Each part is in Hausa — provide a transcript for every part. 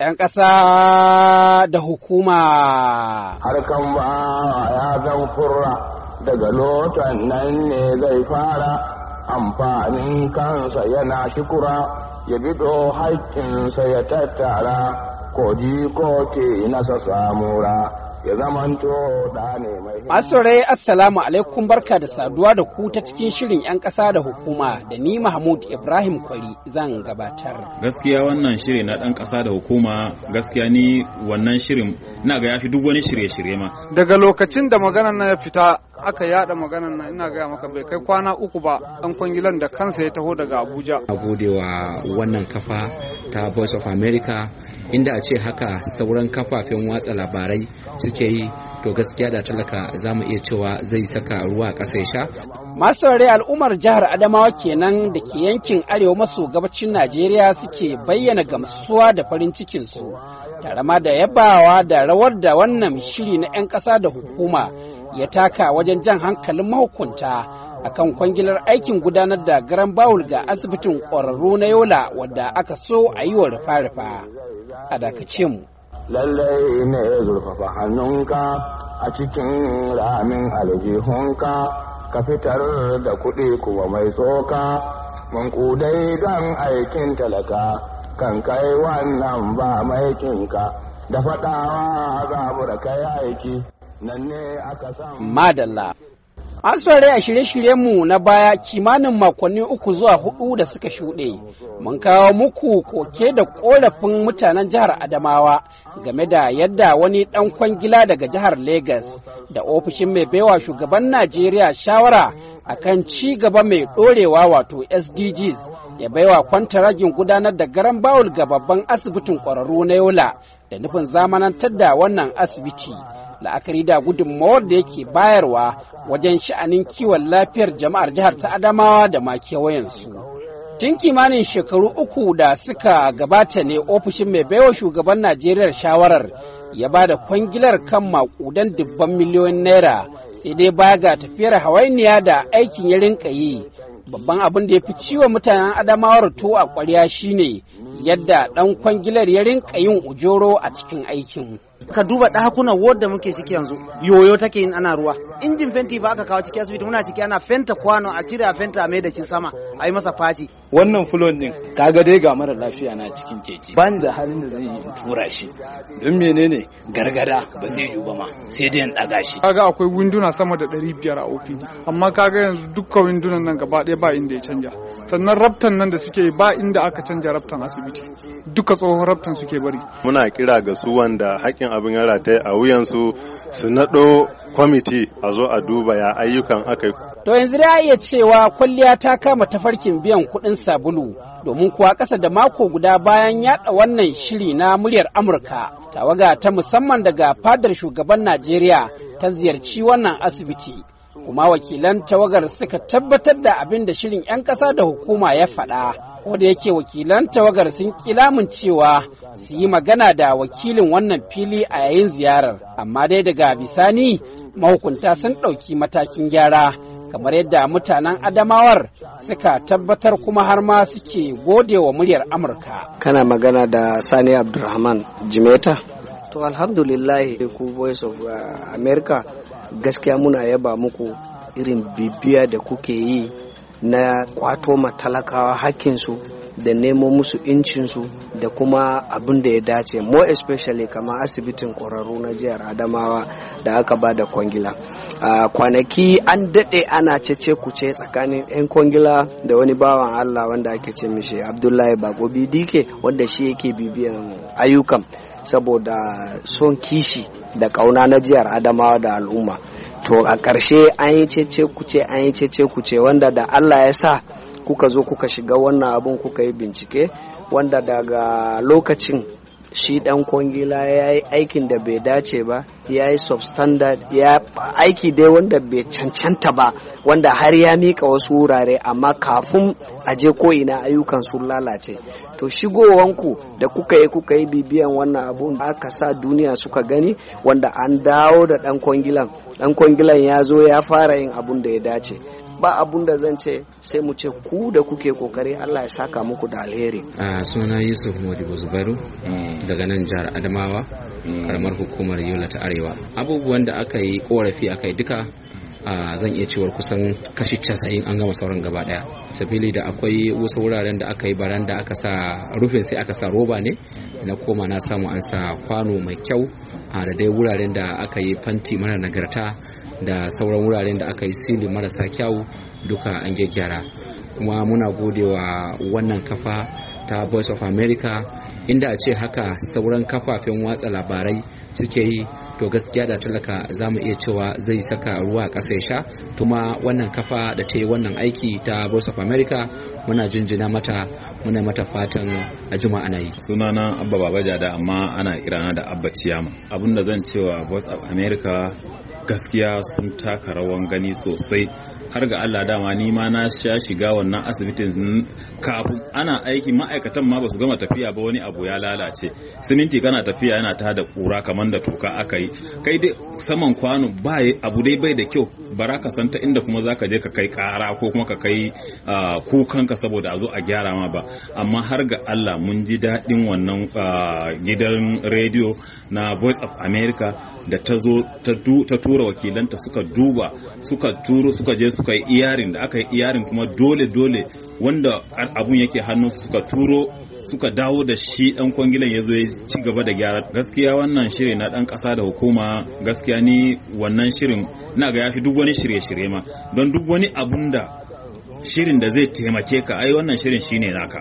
‘yan ƙasa da hukuma. Harkan ba ya zan kurra daga lotan nan ne zai fara amfanin kansa yana shikura ya bido haƙƙinsa ya tattara ko ji ko ke nasa samura. ya zamanto da ne mai Asore assalamu alaikum barka da saduwa da ku ta cikin shirin 'yan ƙasa da hukuma da ni Mahmud Ibrahim Kwari zan gabatar. Gaskiya wannan shiri na ɗan ƙasa da hukuma gaskiya ni wannan shirin ina ga yafi duk wani shirye-shirye ma. Daga lokacin da maganar na ya fita aka yada maganar na ina gaya maka bai kai kwana uku ba an kwangilan da kansa ya taho daga Abuja. A gode wa wannan kafa ta Voice of America inda a ce haka sauran kafafen watsa labarai suke yi to gaskiya da talaka za mu iya cewa zai saka ruwa ƙasa sha. masu al'ummar jihar adamawa kenan da ke yankin arewa maso gabacin najeriya suke bayyana gamsuwa da farin cikinsu tare ma da yabawa da rawar da wannan shiri na 'yan ƙasa da hukuma ya taka wajen jan hankalin mahukunta akan kwangilar aikin gudanar da garan bawul ga asibitin ƙwararru na yola wadda aka so a yi wa rufa-rufa a dakace mu lallai ne zurfafa hannunka a cikin ramin aljihunka ka fitar da kuɗi kuma mai tsoka Mun kudai don aikin talaka kan kai wannan ba maikinka da faɗawa za mu da kai aiki nan ne aka san madalla An saurare a shirye-shiryenmu na baya kimanin makonni uku zuwa hudu da suka shuɗe. Mun kawo muku koke da ƙorafin mutanen jihar Adamawa game da yadda wani ɗan kwangila daga jihar Legas da ofishin mai baiwa shugaban Najeriya shawara a kan ci gaba mai ɗorewa wato SDGs ya baiwa kwantaragin gudanar da garan bawul ga babban asibitin ƙwararru na Yola da nufin zamanantar da wannan asibiti. la'akari da gudunmawar da yake bayarwa wajen sha'anin kiwon lafiyar jama'ar jihar ta Adamawa da ma kewayensu. Tun kimanin shekaru uku da suka gabata ne ofishin mai baiwa shugaban Najeriya shawarar ya ba da kwangilar kan makudan dubban miliyoyin naira sai dai baya ga tafiyar hawainiya da aikin ya rinka yi babban abin da ya fi ciwo mutanen adamawar to a kwarya shine yadda ɗan kwangilar ya rinka yin ujoro a cikin aikin ka duba ɗakunan wadda muke ciki yanzu yoyo take yin ana ruwa injin fenti ba aka kawo ciki asibiti muna ciki ana fenta kwano a cire a fenta a mai da sama a yi masa faci wannan fulon din kaga dai ga mara lafiya na cikin keke ban da halin da zai yi tura shi don menene gargada ba zai yi ba ma sai dai in daga shi kaga akwai winduna sama da 500 a OPD amma kaga yanzu dukkan windunan nan gaba ɗaya ba inda ya canja sannan raftan nan da suke ba inda aka canja raftan asibiti duka tsohon raftan suke bari muna kira ga su wanda haƙin abin ta yi a wuyansu su naɗo kwamiti a zo a duba ya ayyukan aka yi. To yanzu da iya cewa kwalliya ta kama tafarkin biyan kuɗin sabulu domin kuwa ƙasa da mako guda bayan yaɗa wannan shiri na muryar Amurka tawaga ta musamman daga fadar shugaban Najeriya ta ziyarci wannan asibiti. Kuma wakilan tawagar suka tabbatar da abin da shirin 'yan ƙasa da hukuma ya faɗa. da yake wakilan tawagar sun kilamin cewa su yi magana da wakilin wannan fili a yayin ziyarar amma dai daga bisani mahukunta sun ɗauki matakin gyara kamar yadda mutanen adamawar suka tabbatar kuma har ma suke gode wa muryar amurka kana magana da sani abdulrahman jimeta to alhamdulillahi, ku voice of uh, america gaskiya muna yaba muku irin bibiya da kuke yi na kwato matalakawa hakkinsu da nemo musu incinsu da kuma abin da ya dace more especially kama asibitin ƙwararru na jihar adamawa da aka ba da kwangila a kwanaki an daɗe ana cece kuce tsakanin 'yan kwangila da wani bawan allah wanda ake ce mishi abdullahi bako dike wanda shi yake bibiyan ayyukan saboda son kishi da ƙauna na jihar adamawa da al'umma to a ƙarshe an yi cece kuce an yi cece kuce wanda da allah ya sa kuka zo kuka shiga wannan abin kuka yi bincike wanda daga lokacin shi dan kwangila ya yi aikin da bai dace ba ya yi substandard ya aiki dai wanda bai cancanta ba wanda har ya mika wasu wurare amma kafin a je ko'ina ayyukan sun lalace to shigowanku da kuka yi kuka yi bibiyan wannan abun da aka sa duniya suka gani wanda an dawo da dan kwangilan dan kwangilan ya zo ya fara yin abun da ya dace ba abun da zan ce sai mu ce ku da kuke kokari Allah ya saka muku da alheri a suna Yusuf Modibo Zubairu hmm. daga nan jihar Adamawa hmm. karamar hukumar Yola ta Arewa abubuwan da aka yi korafi yi duka a zan iya cewar kusan kashi casa'in an gama sauran gaba daya sabili da akwai wasu wuraren da aka yi baranda aka sa rufin sai aka sa roba ne na koma na samu an sa kwano mai kyau a da dai wuraren da aka yi fanti mara nagarta da sauran wuraren da aka yi sili marasa kyau duka an gyaggyara kuma muna gode wa wannan kafa ta voice of america inda a ce haka sauran kafafen watsa labarai suke yi to gaskiya da talaka za mu iya cewa zai saka ruwa a ƙasa sha kuma wannan kafa da ta yi wannan aiki ta voice of america muna jinjina mata muna mata fatan a juma ana yi sunana abba babajada amma ana kirana da abba ciyama abinda zan cewa voice of america gaskiya sun taka rawan gani sosai har ga Allah dama ni ma na sha shiga wannan asibitin kafin ana aiki ma'aikatan ma basu gama tafiya ba wani abu ya lalace siminti kana tafiya yana ta da kura kamar da toka aka yi kai dai saman kwano ba abu dai bai da kyau bara ka san inda kuma zaka je ka kai kara ko kuma ka kai kukan ka saboda a zo a gyara ma ba amma har ga Allah mun ji daɗin wannan gidan rediyo na Voice of America da ta zo ta tura wakilanta suka duba suka turo suka je suka yi iyarin da aka yi iyarin kuma dole dole wanda abun yake hannun suka turo suka dawo da shi dan kwangilan ya zo ya ci gaba da gyara gaskiya wannan shiri na dan kasa da hukuma gaskiya ni wannan shirin na ga yafi duk wani shirye-shirye ma don duk wani abun da shirin da zai taimake ka ai wannan shirin shine naka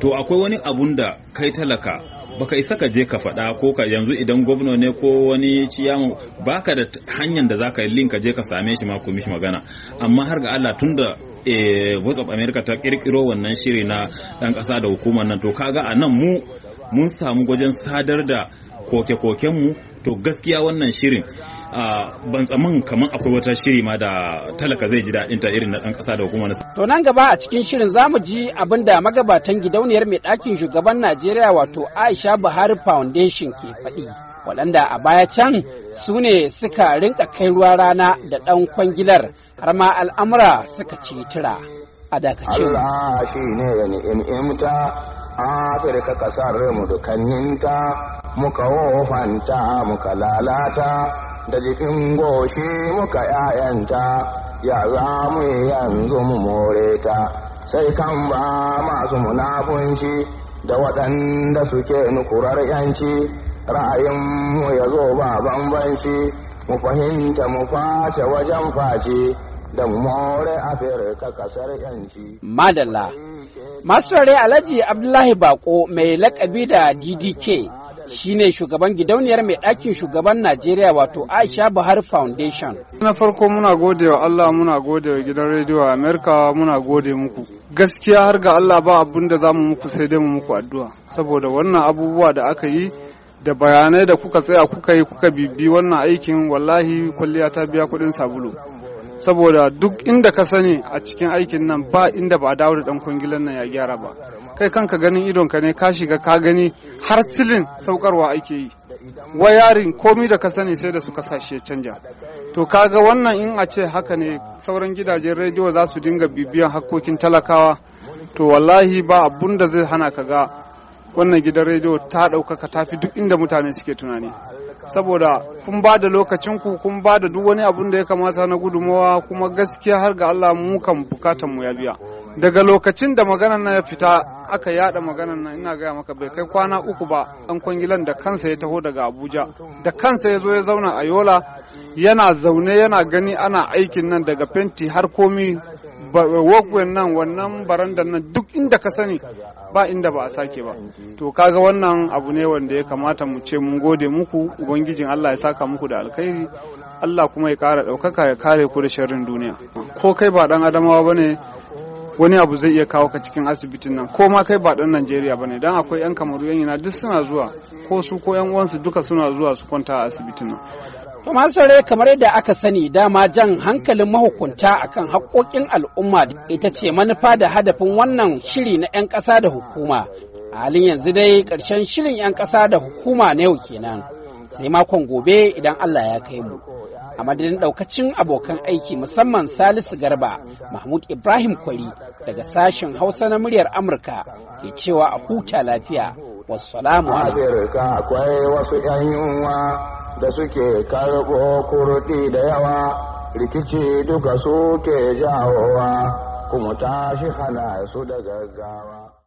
to akwai wani abun da kai talaka baka isa ka je ka faɗa ko ka yanzu idan gwamna ne ko wani ciyamu baka da hanyar da zaka yi link ka je ka same shi ma mishi magana amma har ga Allah tun da eh, Voice of America ta kirkiro wannan shiri na ɗan ƙasa da hukumar nan to kaga a nan mu mun samu wajen sadar da koke koken mu to gaskiya wannan shirin ban tsaman kamar akwai wata shiri ma da talaka zai ji daɗin ta irin na ɗan ƙasa da hukumar to nan gaba a cikin shirin zamu ji abin da magabatan gidauniyar mai ɗakin shugaban najeriya wato aisha buhari foundation ke faɗi waɗanda a baya can su ne suka rinka kai ruwa rana da ɗan kwangilar har ma al'amura suka ci tura a dakace Allah shi ne ni'imta Afirka mu dukanninta muka wofanta muka lalata da jikin goshi muka ‘ya'yanta, ya za mu yi yanzu mu more ta, sai kan ba masu munafunci da waɗanda suke nukurar ‘yanci, ra'ayinmu ya zo ba bambanci, mu fahimta mu face wajen face. Da more a Afirka kasar ‘yanci. Madalla, masu rare Alhaji Abdullahi Bako mai lakabi da DDK Shi ne shugaban gidauniyar mai ɗakin shugaban Najeriya wato Aisha Buhari Foundation. Na farko muna gode wa Allah muna gode wa gidan rediyo Amerika muna gode muku. Gaskiya har ga Allah ba abun da za mu muku sai dai mu muku addu'a saboda wannan abubuwa da aka yi da bayanai da kuka tsaya kuka yi kuka bibi wannan aikin wallahi kwalliya ta biya kuɗin sabulu. saboda duk inda ka sani a cikin aikin nan ba inda ba a dawo da ɗan kwangilan nan ya gyara ba kai kanka ganin idonka ne ka shiga ka gani har silin saukarwa ake yi wayarin komi da ka sani sai da suka sashe canja to kaga wannan in a ce haka ne sauran gidajen rediyo za su dinga bibiyan hakkokin talakawa to wallahi ba abun da zai hana ka ga wannan gidan rediyo ta ɗaukaka tafi duk inda mutane suke tunani saboda kun ba da lokacinku kun ba da duk wani abun da ya kamata na gudumawa kuma gaskiya har ga Allah mu kan bukatan mu ya biya daga lokacin da maganan na ya fita aka yada maganan nan ina gaya maka bai kai kwana uku ba an kwangilan da kansa ya taho daga abuja da kansa ya zo ya zauna a yola yana zaune yana gani ana aikin nan daga fenti har komi walkway nan wannan barandar nan duk inda ka sani ba inda ba a sake ba to kaga wannan abu ne wanda ya kamata mu ce mun gode muku ubangijin Allah ya saka muku da alkhairi Allah kuma ya kara ɗaukaka ya kare ku da sharrin duniya ko kai ba dan adamawa ba ne. wani abu zai iya kawo ka cikin asibitin nan ko ma kai ba dan Najeriya bane dan akwai yan kamaru yan yana duk suna zuwa ko su ko yan uwansu duka suna zuwa su kwanta a asibitin nan To masu kamar yadda aka sani dama jan hankalin mahukunta akan haƙoƙin al'umma ita ce manufa da hadafin wannan shiri na 'yan ƙasa da hukuma. A halin yanzu dai ƙarshen shirin 'yan ƙasa da hukuma na yau kenan. Sai makon gobe idan Allah ya kai mu. a madadin daukacin abokan aiki musamman salisu garba mahmud ibrahim kwari daga sashen hausa na muryar amurka ke cewa a huta lafiya wassalamu akwai wasu 'yan yunwa da suke karɓo kurɗi da yawa rikici duka suke jawowa kuma tashi hana su da gaggawa